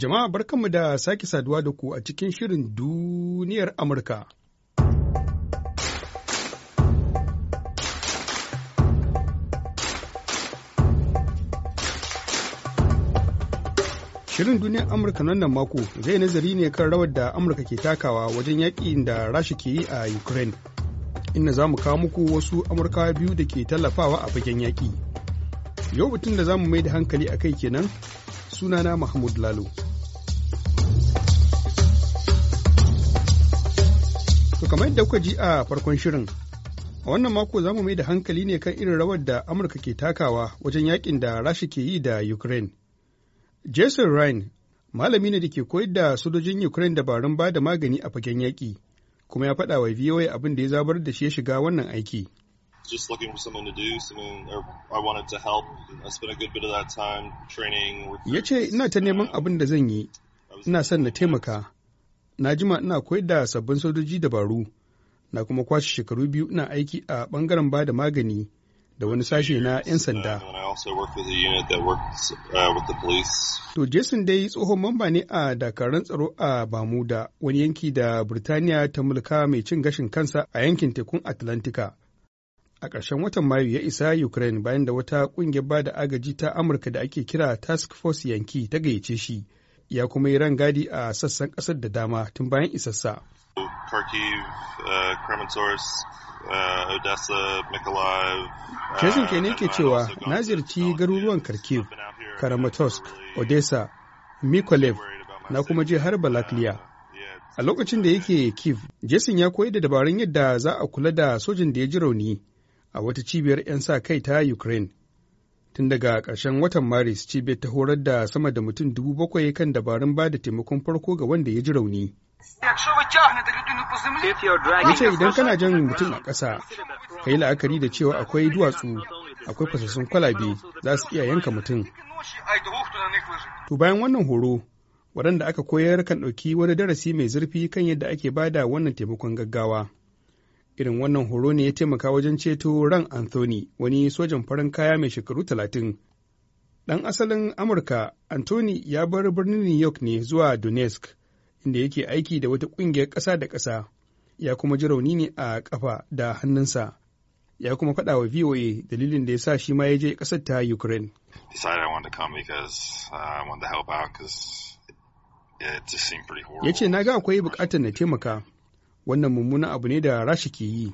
Jama'a barkanmu da sake saduwa da ku a cikin shirin duniyar Amurka. Shirin duniyar Amurka wannan mako zai nazari ne kan rawar da Amurka ke takawa wajen yaƙi da rashi ke yi a Ukraine. Inda za mu kawo muku wasu Amurkawa biyu da ke tallafawa a fagen yaƙi. Yau batun da za mu mai da hankali a kai kenan sunana Mahmud Lalo. kamar yadda kuka ji a farkon shirin, a wannan mako za mu mai da hankali ne kan irin rawar da Amurka ke takawa wajen yakin da rashi ke yi da Ukraine. Jason Ryan, malami ne da ke koyar da sojojin Ukraine dabarun ba da magani a fagen yaƙi, kuma ya faɗa wa VOA abin da ya zabar da shi ya shiga wannan aiki. just Ya ce ina ta neman abin da zan yi, ina son na taimaka, na jima ina koyar da sabbin sojoji dabaru na kuma kwashe shekaru biyu ina aiki a bangaren ba da magani da wani sashe na 'yan uh, sanda. Uh, to Jason dai tsohon mamba ne a dakarun tsaro a Bamuda, wani yanki da Birtaniya ta mulka mai cin gashin kansa a yankin tekun Atlantika. A ƙarshen watan Mayu ya isa Ukraine bayan da wata ƙungiyar ba da agaji ta Amurka da ake kira Task Force Yanki ta gayyace shi. ya kuma yi rangadi a sassan ƙasar da dama tun bayan isassa. Kharkiv, uh, uh, uh, ne ke cewa na ziyarci garuruwan Kharkiv, Kramatorsk, Odessa, Mykolaiv, na kuma je har Balaklia. A lokacin da yake Kiev, Jason ya koyi da dabarun yadda za a kula da sojin da ya ji rauni a wata cibiyar 'yan sa kai ta Ukraine. tun daga ƙarshen watan maris cibiyar ta horar da sama da mutum dubu bakwai kan dabarun ba da taimakon farko ga wanda ya ji rauni yace idan kana jan mutum a ƙasa ka yi la'akari da cewa akwai duwatsu akwai fasassun kwalabe za su iya yanka mutum to bayan wannan horo waɗanda aka koyar kan ɗauki wani darasi mai zurfi kan yadda ake bada wannan taimakon gaggawa irin wannan horo ne ya taimaka wajen ceto ran anthony wani sojan farin kaya mai shekaru talatin ɗan asalin amurka anthony ya bar birnin new york ne zuwa donetsk inda yake aiki da wata ƙungiyar ƙasa da ƙasa ya kuma ji rauni ne a ƙafa da hannunsa ya kuma faɗa wa VOA dalilin da ya sa shi ma ya je ƙasar ta Ukraine. Uh, ya ce na ga akwai buƙatar na taimaka wannan mummunan abu ne da rashi ke yi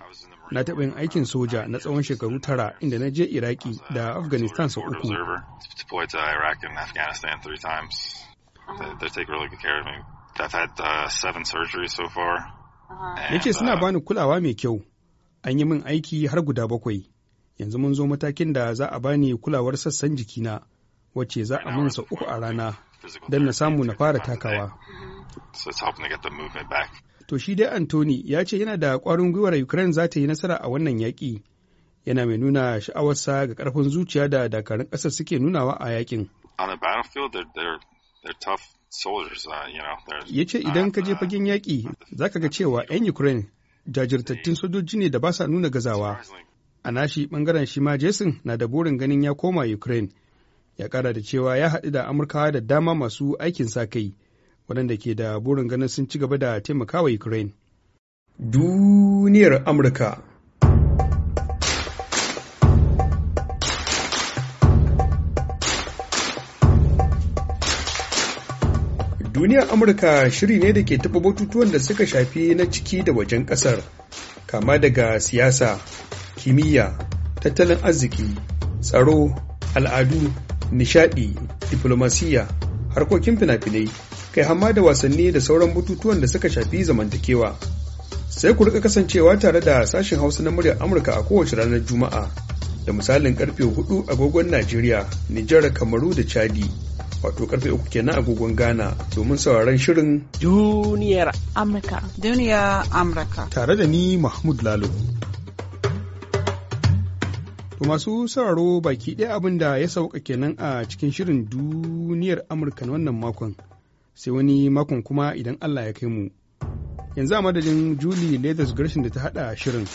na taɓa yin aikin soja na tsawon shekaru tara inda na je iraki da afghanistan sau uku uh, uh-huh. ya ce suna uh, bani kulawa mai kyau an yi min aiki har guda bakwai yanzu mun zo matakin da za a bani kulawar sassan jikina wacce za a min sau uku a rana don na samu na fara takawa To shi dai Anthony ya ce yana da ƙwarin gwiwar Ukraine za ta yi nasara a wannan yaƙi. Yana mai nuna sha'awarsa ga ƙarfin zuciya da dakarun ƙasar suke nunawa a yaƙin. Uh, ya ce idan ka je uh, fagen yaƙi za ka ga cewa 'yan uh, Ukraine jajirtattun sojoji ne da ba sa nuna gazawa. A nashi ɓangaren shi ma Jason na da burin ganin ya koma Ukraine. Ya ƙara da cewa ya haɗu da Amurkawa da dama masu aikin sa kai. waɗanda ke da burin ganin sun ci gaba da taimakawa Ukraine. Duniyar Amurka Duniyar Amurka shiri ne da ke taɓa batutuwan da suka shafi na ciki da wajen ƙasar, kama daga siyasa, kimiyya, tattalin arziki, tsaro, al'adu, nishadi, diplomasiya, harkokin fina-finai kai hama da wasanni da sauran bututuwan da suka shafi zamantakewa. Sai ku rika kasancewa tare da sashen Hausa na muryar Amurka a kowace ranar Juma'a da misalin karfe 4 agogon Najeriya, Nijar, Kamaru da Chadi. Wato karfe uku kenan agogon Ghana domin sauraron shirin Duniyar Amurka. Duniyar Amurka. Tare da ni Mahmud Lalo. To masu sauraro baki ɗaya abin da ya sauka kenan a cikin shirin duniyar Amurka na wannan makon. sai wani makon kuma idan Allah ya kai mu. Yanzu a madadin Julie Leathers Gershon da ta haɗa shirin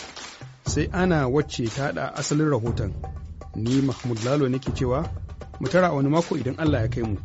sai ana wacce ta haɗa asalin rahoton. Ni Mahmud Lalo nake cewa mu tara wani mako idan Allah ya kai mu.